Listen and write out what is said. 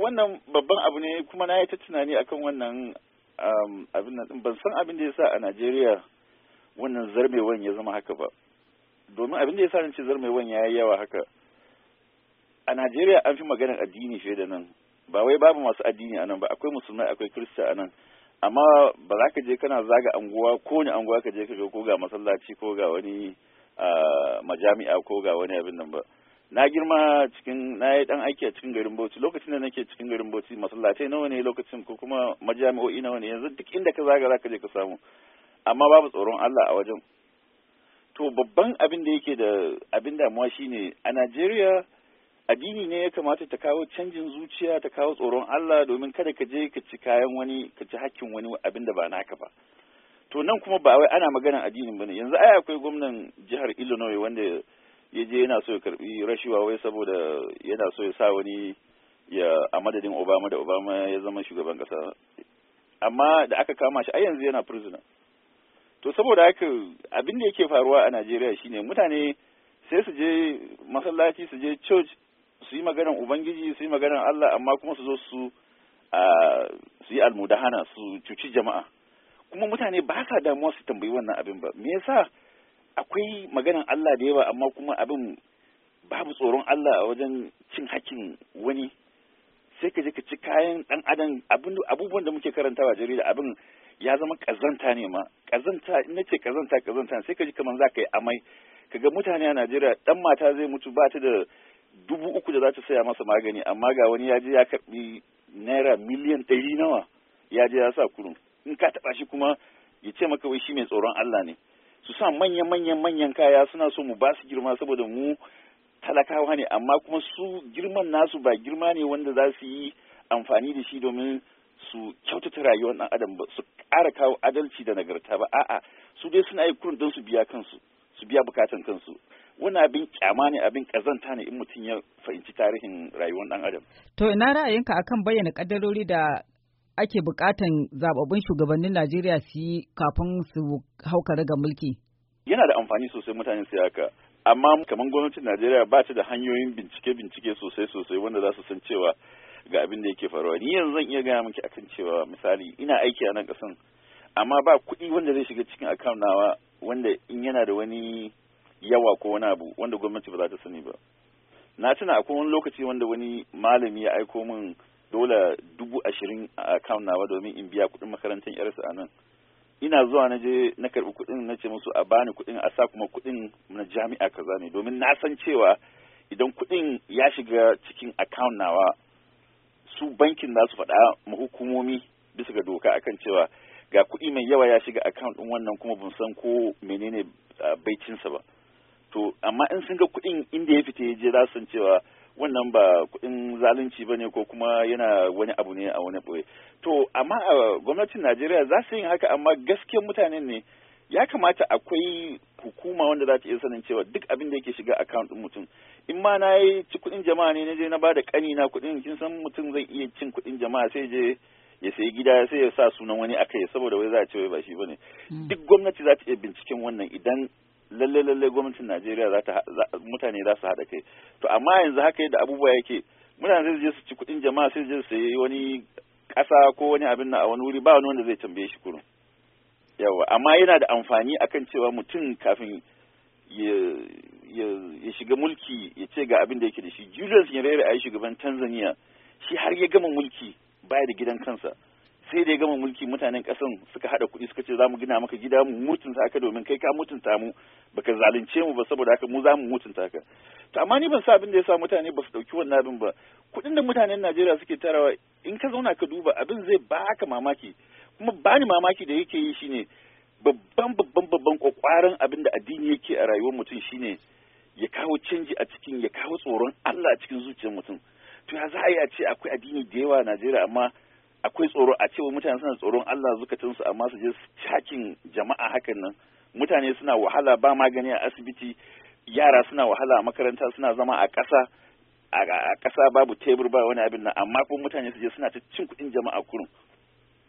wannan babban abu ne kuma na yi ta tunani akan wannan um, abin nan ban san abin da ya sa a Najeriya wannan zarmewan ya zama haka ba domin abin da ya sa ni ce zarmewan ya yi yawa haka a Najeriya an fi maganar addini fiye da nan ba wai babu masu addini a nan ba akwai musulmai akwai kirista a nan amma ba za ka je kana zaga anguwa ko ne anguwa ka je ka ga ko ga masallaci ko ga wani uh, majami'a ko ga wani abin nan ba na girma cikin na yi dan aiki a cikin garin Bauchi lokacin da nake cikin garin Bauchi masallatai nawa ne lokacin ko kuma majami'o'i nawa ne yanzu duk inda ka zaga zaka je ka samu amma babu tsoron Allah a wajen to babban abin da yake da abin damuwa shine a Najeriya addini ne ya kamata ta kawo canjin zuciya ta kawo tsoron Allah domin kada ka je ka ci kayan wani ka ci hakkin wani abin da ba naka ba to nan kuma ba wai ana maganar addinin bane yanzu ai akwai gwamnan jihar Illinois wanda ya je yana so ya karbi rashiwa wai saboda yana so ya sa wani ya a madadin obama da obama ya zama shugaban kasa amma da aka kama shi a yanzu yana prisoner to saboda haka abin da yake faruwa a najeriya shine mutane sai su je masallaci su je church su yi maganar ubangiji su yi maganar allah amma kuma su zo su su yi almudahana su cuci jama'a kuma mutane ba sa damuwa su tambayi wannan abin ba me yasa akwai maganan Allah da yawa amma kuma abin babu tsoron Allah a wajen cin hakkin wani sai ka je ka ci kayan dan adam abubuwan da muke karantawa jarida abin ya zama kazanta ne ma kazanta in nace kazanta kazanta sai ka ji kaman za ka yi amai kaga mutane a Najeriya dan mata zai mutu ba ta da dubu uku da za ta saya masa magani amma ga wani ya je ya karbi naira miliyan ɗari nawa ya je ya sa kurun in ka taba shi kuma ya ce maka wai shi mai tsoron Allah ne su sa manyan manyan manyan kaya suna so mu ba su girma saboda mu talakawa ne amma kuma su girman nasu ba girma ne wanda za su yi amfani da shi domin su kyautata rayuwar ɗan adam ba su ƙara kawo adalci da nagarta ba a'a su dai suna yi kurun don su biya kansu su biya bukatan kansu wani abin kyama ne abin kazanta ne in mutum ya fahimci tarihin rayuwar ɗan adam to ina ra'ayinka akan bayyana kaddarori da ake bukatan zababbin shugabannin Najeriya su yi kafin su hauka ga mulki yana da amfani sosai mutane su haka amma kamar gwamnatin Najeriya ba ta da hanyoyin bincike bincike sosai sosai wanda za su san cewa ga abin da yake faruwa ni yanzu zan iya gaya miki akan cewa misali ina aiki a nan kasan amma ba kuɗi wanda zai shiga cikin account nawa wanda in yana da wani yawa ko wani abu wanda gwamnati ba za ta sani ba na tuna akwai wani lokaci wanda wani malami ya aiko min dola dubu ashirin a account nawa domin in biya kuɗin makarantar yarsa a nan ina zuwa na je na karbi kuɗin na ce musu a bani kuɗin a sa kuma kuɗin na jami'a kaza ne domin na san cewa idan kuɗin ya shiga cikin account nawa su bankin za su faɗa mu hukumomi bisa ga doka akan cewa ga kuɗi mai yawa ya shiga account ɗin wannan kuma ban san ko menene ah, baicinsa ba to amma in sun ga kuɗin inda ya fita ya je za su san cewa wannan ba kuɗin zalunci ba ne ko kuma yana wani abu ne a wani ɓoye to amma a gwamnatin najeriya za su yin haka amma gaskiyar mutane ne ya kamata akwai hukuma wanda za ta iya sanin cewa duk abin da yake shiga account ɗin mutum in ma na yi ci kuɗin jama'a ne na je na ba da ƙani na kuɗin kin san mutum zai iya cin kuɗin jama'a sai je ya sayi gida sai ya sa sunan wani a kai saboda wai za a ce wai ba shi bane hmm. duk gwamnati za ta iya binciken wannan idan lalle lalle gwamnatin Najeriya za ta mutane za su haɗa kai to amma yanzu haka yadda abubuwa yake mutane zai je su ci kuɗin jama'a sai je su yi wani ƙasa ko wani abin na a wani wuri ba wani wanda zai tambaye shi kurun yawa amma yana da amfani akan cewa mutum kafin ya shiga mulki ya ce ga abin da yake da shi Julius Nyerere a yi shugaban Tanzania shi har ya gama mulki baya da gidan kansa sai da ya gama mulki mutanen kasan suka hada kuɗi suka ce za mu gina maka gida mu mutunta ka domin kai ka mutunta mu baka zalunce mu ba saboda haka mu za mu mutunta ka to amma ni ban sa abin da ya sa mutane ba su dauki wannan abin ba kuɗin da mutanen Najeriya suke tarawa in ka zauna ka duba abin zai baka mamaki kuma bani mamaki da yake yi shine babban babban babban kwakwaran abin da addini yake a rayuwar mutum shine ya kawo canji a cikin ya kawo tsoron Allah a cikin zuciyar mutum to ya za a yi a ce akwai addini da yawa a Najeriya amma akwai tsoro a cewa mutane suna tsoron Allah zukatansu amma su je cakin jama'a hakan nan mutane suna wahala ba magani a asibiti yara suna wahala a makaranta suna zama a ƙasa a ƙasa babu tebur ba wani abin nan amma kuma mutane su je suna ta cin kuɗin jama'a kurun.